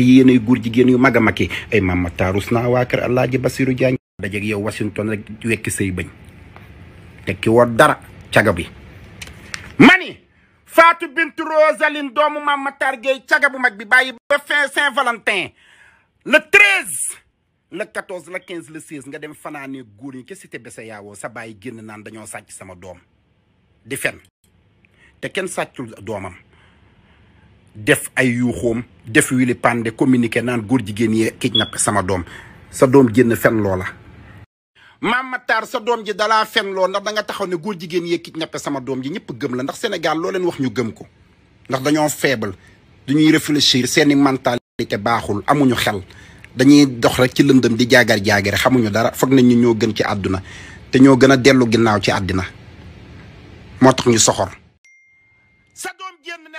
yéenay góor jigéen yu mag a mag yi ay maam taarus naa waa kër Alaaji Basiru Jaañ dajeeg yow Washington rek say bëñ tekki woo dara caga bi mani Fatou Bintou Rosaline doomu maam Matar Gueye bu mag bi bàyyi ba fin Saint-Valentin le 13 le 14 le 15 le 16 nga dem fanaanee góor ñi ca cité Bessa yaawoo sa bàyyi génn naan dañoo sàcc sama doom di fen te kenn sàccul doomam def ay yuuxoom def wili pande communiqué naan góor jigéen yee kidnappé sama doom sa doom génn fen loola maam Matar sa doom ji dalaa fen loo ndax da nga taxaw ne góor jigéen yee kidnappé sama doom ji ñëpp gëm la ndax Sénégal looleen wax ñu gëm ko ndax dañoo faible duñuy réfléchir seeni mentalité baaxul amuñu xel dañuy dox rek ci lëndëm di jaagar jaagare xamuñu dara foog nañ ñu ñoo gën ci àdduna te ñoo gën a dellu ginnaaw ci àddina moo tax ñu soxor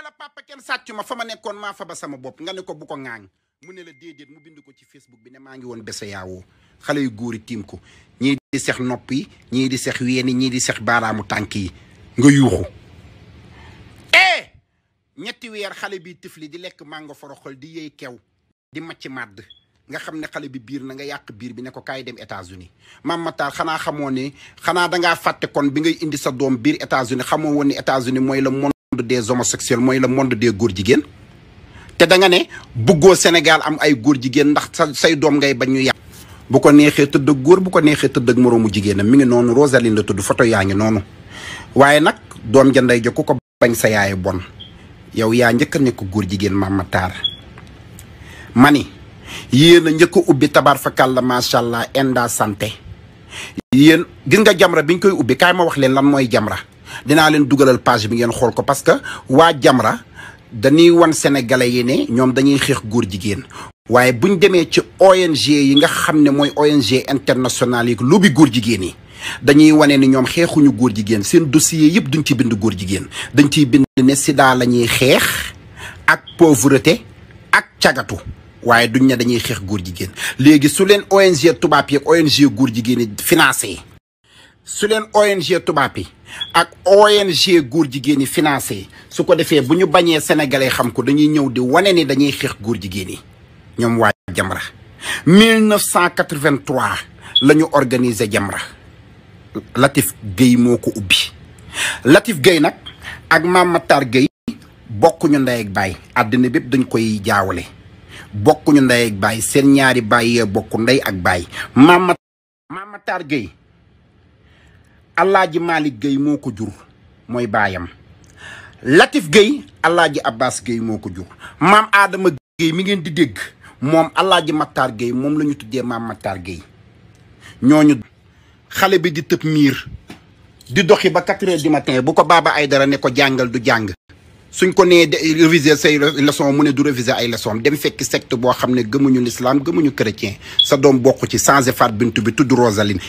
la papa kenn sàcc ma fa ma nekkoon maa fa sama bopp nga ne ko bu ko ŋaañ mu ne la déedéet mu bind ko ci Facebook bi ne maa woon bese yaawoo xale yu góor yi tiim ko ñii di sex nopp yi ñii di sex ween yi ñii di sex baaraamu tànk yi nga yuuxu eh ñetti weer xale bi tifli di lekk mango xool di yëy kew di macc màdd nga xam ne xale bi biir na nga yàq biir bi ne ko kaay dem États-Unis maam Matar xanaa xamoo ne xanaa dangaa fàtte kon bi ngay indi doom biir États-Unis monde des homosexuels mooy le monde des góor jigéen te da nga ne bëggoo Sénégal am ay góor jigéen ndax sa say doom ngay bañ ñu yàq bu ko neexee tëdd ak góor bu ko neexee tëdd ak moroomu jigéenam mi ngi noonu Rosaline la tudd foto yaa ngi noonu waaye nag doom ja ndey ja ku ko bañ sa yaay bon yow yaa njëkk a nekk góor jigéen Mama Talla ma ni yéen a njëkk ubbi tabaar la macha allah inda santé yéen gis nga jamra biñ koy ubbi kaay ma wax leen lan mooy jamra dinaa leen dugalal page bi ngeen xool ko parce que waa Jamra dañuy wan sénégalais yi ne ñoom dañuy xeex góor jigéen waaye buñ demee ci ONG yi nga xam ne mooy ONG internationale yi lu bi góor jigéen yi dañuy wane ni ñoom xeexuñu góor jigéen seen dossier yëpp duñ ci bind góor jigéen dañ ciy bind ne sida la ñuy xeex ak pauvreté ak cagatu waaye duñ ne dañuy xeex góor jigéen léegi su leen ONG tubaab yi ONG góor jigéen yi financé su leen ONG tubaab yi ak ONG góor jigéen yi financé su ko defee bu ñu bañee sénégalais xam ko dañuy ñëw di wane ni dañuy xeex góor jigéen yi ñoom waa Jamra 1983 la ñu organiser Jamra Latif Gueye moo ko ubbi Latif Gueye nag ak Mame Matar Gueye bokkuñu ndey ak baay àddina bépp dañ koy jaawale bokkuñu ndey ak baay seen ñaari baay yee bokku ndey ak baay Mame Matar Gueye Alaaji Malick géey moo ko jur mooy baayam Latif géey Alaaji Abbas Gueye moo ko jur maam Adama Gueye mi ngeen di dégg moom Alaaji Matar géey moom la ñu tuddee maam Matar Gueye ñooñu xale bi di tëb miir di doxi ba quatre heures du matin bu ko baaba ay dara ne ko jàngal du jàng suñ ko nee réviser say leçon mu ne du réviser ay leçon dem fekk secte boo xam ne gëmuñu l'islam gëmuñu chrétien sa doom bokk ci changé faat bintu bi tudd Rosaline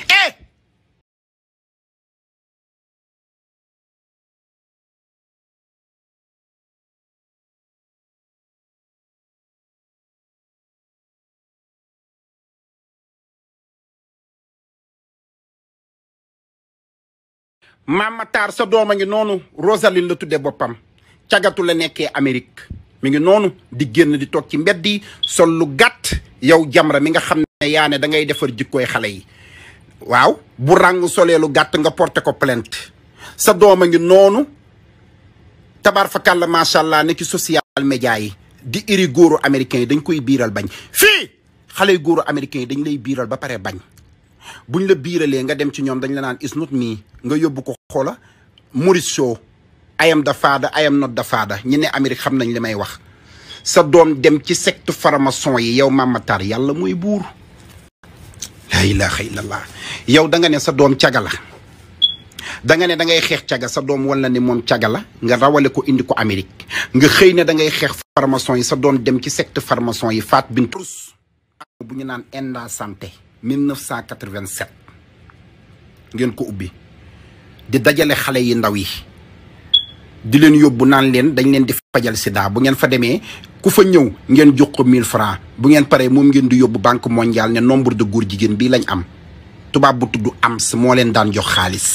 Mame taar sa doom a ngi noonu Rosaline la tuddee boppam cagatu la nekkee Amérique mi ngi noonu di génn di toog ci mbedd yi sol lu gàtt yow Jamra mi nga xam ne yaa ne da ngay defar jikkooy xale yi waaw bu ràng solee lu gàtt nga porté ko plainte sa doom a ngi noonu tabar kalla macha allah nekki ci social média yi di iri góor américains yi dañ koy biiral bañ fii xale yu góoru américains yi dañ lay biiral ba pare bañ buñ la biiralee nga dem ci ñoom dañ la naan is not me nga yóbbu ko xoola Mauricio ayam am ayam father I am not the ñi ne Amérique xam nañ li may wax sa doom dem ci secte farmason yi yow Mame yàlla mooy buur la ilaha illallah yow da nga ne sa doom caga la da ne da ngay xeex caga sa doom wala ne moom caga la nga rawale ko indi ko Amérique nga xëy ne dangay xeex farmason yi sa doom dem ci secte farmason yi faat bintu bu ñu naan enda santé 1987 ngeen ko ubbi di dajale xale yi ndaw yi di leen yóbbu naan leen dañ leen di fajal sida bu ngeen fa demee ku fa ñëw ngeen jox ko 1000 francs bu ngeen paree moom ngeen di yóbbu banque mondiale ne nombre de góor jigéen bii lañ am tubaab bu tudd AMS moo leen daan jox xaalis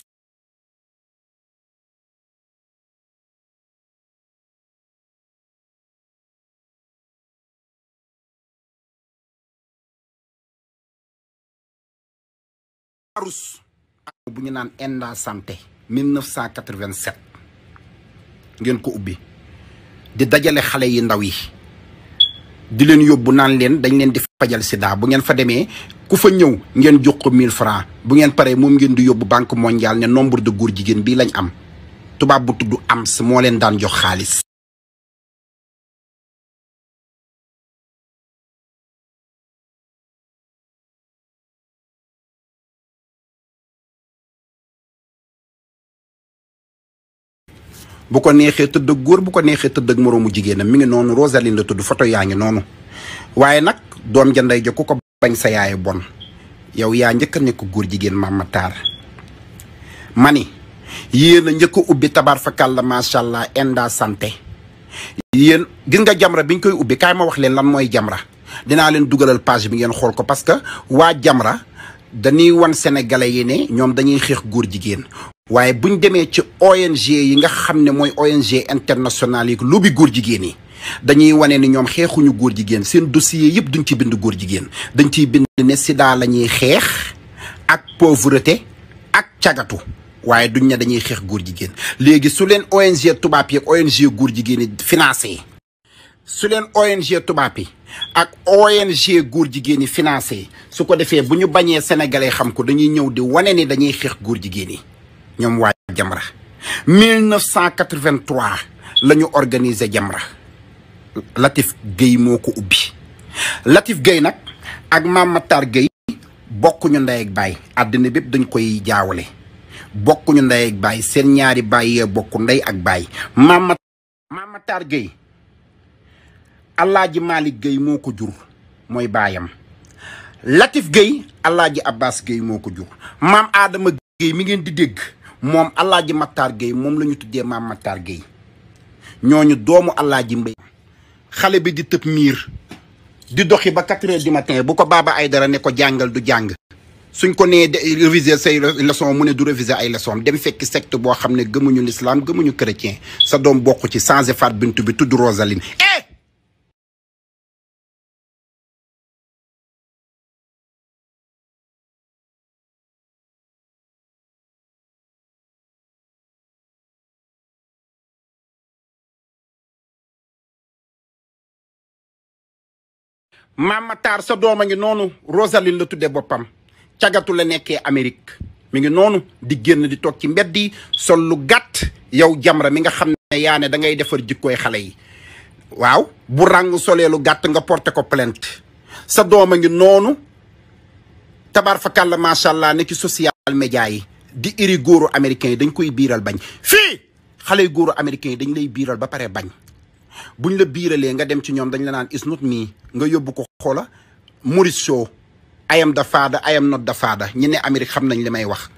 arus bu ñu naan Enda santé 1987 ngeen ko ubbi di dajale xale yi ndaw yi di leen yóbbu naan leen dañ leen di fajal sida bu ngeen fa demee ku fa ñëw ngeen jox ko 1000 francs bu ngeen paree moom ngeen di yóbbu banque mondiale ne nombre de góor jigéen bii lañ am tubaab bu tudd AMS moo leen daan jox xaalis bu ko neexee tëdd ak góor bu ko neexee tëdd ak moroomu jigéenam mi ngi noonu Rosaline la tudd photo yaa ngi noonu waaye nag doom ja ndey ja ku ko bañ sa yaay bon yow yaa njëkk a nekk góor jigéen ma taar mani yéen a njëkk a ubbi tabaar fakal la macha allah inda santé yéen gis nga jamra ñu koy ubbi kaay ma wax leen lan mooy jamra dinaa leen dugalal page bi ngeen xool ko parce que waa jamra dañuy wan sénégalais yi ne ñoom dañuy xeex góor jigéen waaye bu ñu demee ci ONG yi nga xam ne mooy ONG internationale yi lu bi góor jigéen yi dañuy wane ni ñoom xeexuñu góor jigéen seen dossier yëpp duñ ci bind góor jigéen dañ ciy bind ne sida la ñuy xeex ak pauvreté ak cagatu waaye duñ ne dañuy xeex góor jigéen léegi su leen ONG tubaab yi ONG góor jigéen financé su leen ONG tubaab yi ak ONG góor jigéen yi financé su ko defee bu ñu bañee sénégalais xam ko dañuy ñëw di wane ni dañuy xeex góor jigéen yi ñoom waa Jamra 1983 la ñu organiser Jamra Latif Gueye moo ko ubbi Latif géey nag ak Mame Matar Gueye bokkuñu ndey ak baay àddina bépp dañ koy jaawale bokkuñu ndey ak baay seen ñaari baay yee bokku ndey ak baay Mame Matar Gueye Alaaji Malick Gueye moo ko jur mooy baayam Latif Gueye Alaaji Abbas Gueye moo ko jur maam Adama Gueye mi ngeen di dégg moom Alaaji Matar géey moom la ñu tuddee maam Matar Gueye ñooñu doomu Alaaji Mbay xale bi di tëb miir di doxi ba quatre heures du matin bu ko baaba ay dara ne ko jàngal du jàng suñ ko nee réviser say leçon mu ne du réviser ay leçon dem fekki secte boo xam ne gëmuñu lislaam gëmuñu chrétien sa doom bokk ci changé faat bintu bi tudd Rosaline Mame taar sa doom a ngi noonu Rosaline la dee boppam cagatu la nekkee Amérique mi ngi noonu di génn di toog ci mbedd yi sol lu gàtt yow Jamra mi nga xam ne yaane ne da ngay defar jikkooy xale yi waaw bu ràng solee lu gàtt nga porte ko plainte sa doom a ngi noonu tabar kalla macha allah ne ci social média yi di iri góoru américains yi dañ koy biiral bañ fii xale yu góoru américains yi dañ lay biiral ba pare bañ bu buñ la biiralee nga dem ci ñoom dañ la naan is not me nga yóbbu ko xoola Mauricio I am the father not the ñi ne Amérique xam nañ li may wax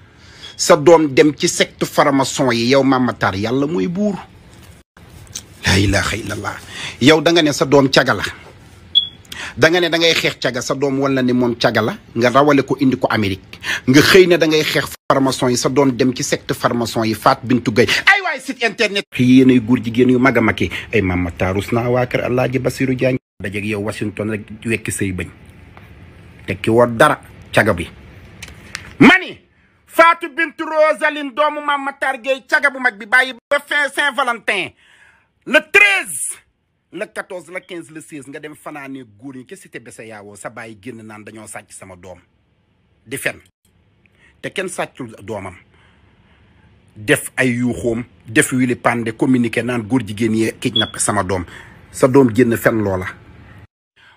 sa doom dem ci secte farmason yi yow mamatar yàlla mooy buur laa ilaha illallah yow da nga ne sa doom caga da nga ne da ngay xeex caga sa doom wala ne moom caga la nga rawale ko indi ko Amérique nga xëy ne da ngay xeex farmason yi sa doom dem ci secte farmason yi Faat Bintu Gueye ay waay site internet yéenay góor jigéen yu mag a mag yi ay maama taarus naa waa kër Alaaji Basiru Jaañ dajeeg yow Washington rek wekk say bëñ tekki woo dara caga bi mani Fatou Bintou Rosaline doomu Mame Matar caga bu mag bi bàyyi ba fin Saint-Valentin le 13 le 14 le 15 la 16 nga dem fanaanee góor ñi ca cité bese yaawoo sa bàyyi génn naan dañoo sàcc sama doom di fen te kenn sàccul doomam def ay yuuxoom def wili pande communiqué naan góor jigéen yee kidnappé sama doom sa doom génn fen loola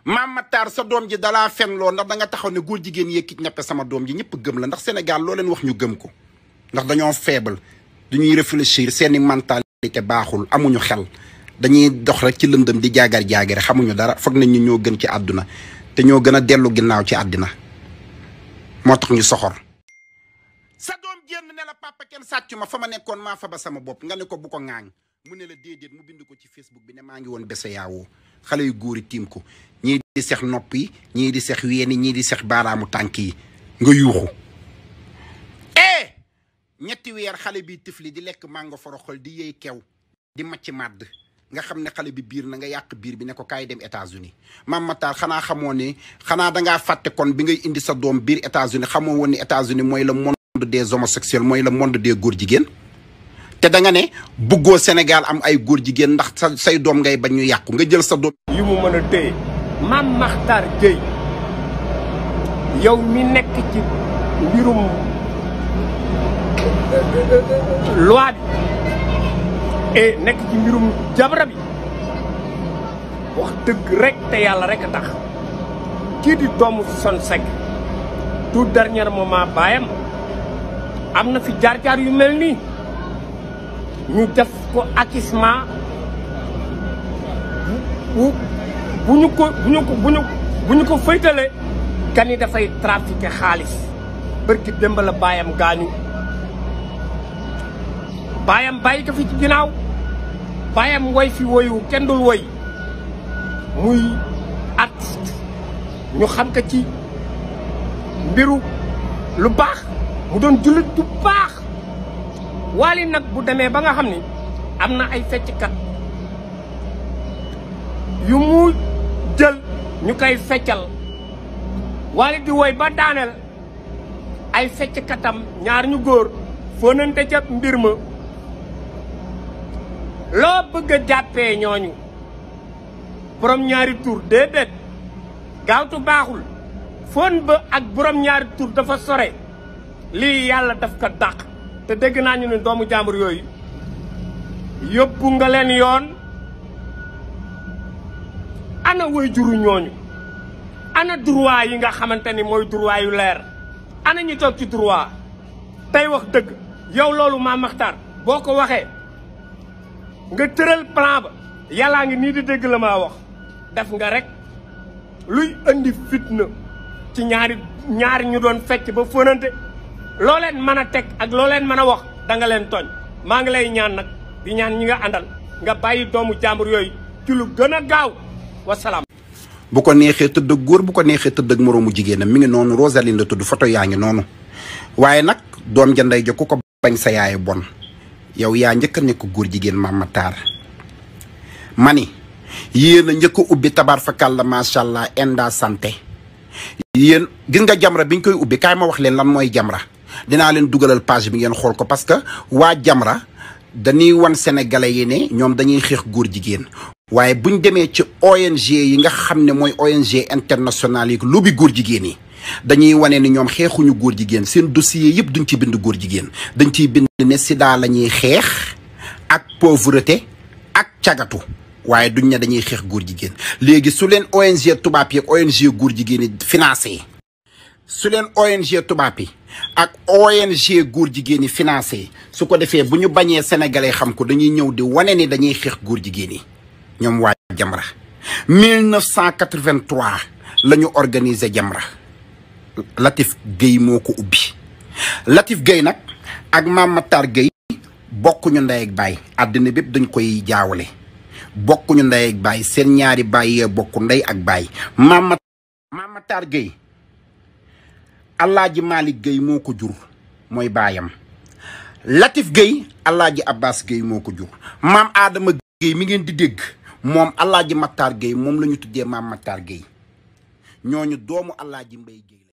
maam Matar sa doom ji dalaa fen loo ndax da nga taxaw ne góor jigéen yee kidnappé sama doom ji ñëpp gëm la ndax Sénégal loo leen wax ñu gëm ko ndax dañoo faible duñuy réfléchir seeni te baaxul amuñu xel dañuy dox rek ci lëndëm di jaagar jaagare xamuñu dara foog nañ ñu ñoo gën ci àdduna te ñoo gën a dellu ginnaaw ci àddina moo tax ñu soxor. sa doom génn ne la papa kenn sàccu ma fa ma nekkoon maa fa ba sama bopp nga ne ko bu ko ŋaañ mu ne la déedéet mu bind ko ci facebook bi ne maa ngi woon bese yaawoo xale yu góor yi tiim ko ñii di sex nopp yi ñii di sex weeni ñii di sex baaraamu tànk yi nga yuuxu. eh ñetti weer xale bi tifli di lekk mango foroxol di yëy kew di macc màdd. nga xam ne xale bi biir na nga yàq biir bi ne ko kaay dem États-Unis maam Matar xanaa xamoo ne xanaa danga fàtte kon bi ngay indi sa doom biir États-Unis xamoo woon ne États-Unis mooy le monde des homosexuels mooy la monde des góor jigéen te danga nga ne bëggoo Sénégal am ay góor jigéen ndax sa say doom ngay bañ ñu yàqu nga jël sa doom yu mu mën a téye maam Matar Gueye yow mi nekk ci mbirum loi et nekk ci mbirum jabara bi wax dëgg rek te yàlla rekk a tax kii di doomu son sec tout dernier moment baayam am na fi jaar-jaar yu mel nii ñu def ko acquisement bu bu ko bu ñu ko bu ñu ko fëytalee kan dafay trafiquer xaalis bërki démb la baayam gaañu baayam bàyyi ko fi ci ginnaaw bayam woy fi woyu kenn dul woy muy artiste ñu xam ka ci mbiru lu baax mu doon jullit bu baax Wally nag bu demee ba nga xam ni am na ay fecckat yu mu jël ñu koy feccal Wally di woy ba daaneel ay fecckatam ñaar ñu góor foo nante ca mbir ma loo bëgg a jàppee ñooñu borom ñaari tur déedéet gaawtu baaxul fon ba ak borom ñaari tur dafa sore lii yàlla daf ko dàq te dégg naa ñu ne doomu jàmbur yooyu yóbbu nga leen yoon ana way juru ñooñu ana droit yi nga xamante ni mooy droit yu leer ana ñu toog ci droit tey wax dëgg yow loolu maa maxtaar boo ko waxee nga tëral plan ba yàllaa ngi nii di dégg la ma wax def nga rek luy indi fitna ci ñaari ñaari ñu doon fecc ba fënante loo leen mën a teg ak loo leen mën a wax danga leen tooñ maa ngi lay ñaan nag di ñaan ñi nga àndal nga bàyyi doomu jàmbur yooyu ci lu gën a gaaw wasalaam. bu ko neexee tëdd ak góor bu ko neexee tëdd ak moroomu jigéenam mi ngi noonu Rosaline la tudd photo yaa ngi noonu waaye nag doom ja ndey ja ku ko bañ sa yaay bon. yow yaa njëkk nekk góor jigéen Mame Matar ma ni yéen a njëkk ubbi tabaar fakàlla macha allah enda santé yéen gis nga jamra biñ koy ubbi kaay ma wax leen lan mooy jamra dinaa leen dugalal page bi ngeen xool ko parce que waa jamra dañuy wan sénégalais yi ne ñoom dañuy xeex góor jigéen waaye buñ demee ci ONG yi nga xam ne mooy ONG internationale yi lu bi góor jigéen yi dañuy wane ni ñoom xeexuñu góor jigéen seen dossier yëpp duñ ci bind góor jigéen dañ ciy bind ne sida la ñuy xeex ak pauvreté ak cagatu waaye duñ ne dañuy xeex góor jigéen léegi su leen ONG tubaab yi ak ONG góor jigéen financé su leen ONG tubaab yi ak ONG góor jigéen yi financé su ko defee bu ñu bañee sénégalais xam ko dañuy ñëw di wane ni dañuy xeex góor jigéen yi ñoom waa Jamra 1983 la ñu organiser Jamra Latif Gueye moo ko ubbi Latif Gueye nag ak Mame Matar Gueye bokkuñu ndey ak baay àddina bépp dañ koy jaawale bokkuñu ndey ak baay seen ñaari baay yee bokku ndey ak baay Mame Matar Gueye Alaaji Malick Gueye moo ko jur baayam Latif Gueye Alaaji Abbas Gueye moo maam Adama Gueye mi ngeen di dégg moom Alaaji Matar Gueye moom lañu ñu tuddee Mame Matar Gueye ñooñu doomu Alaaji Mbaye Gueye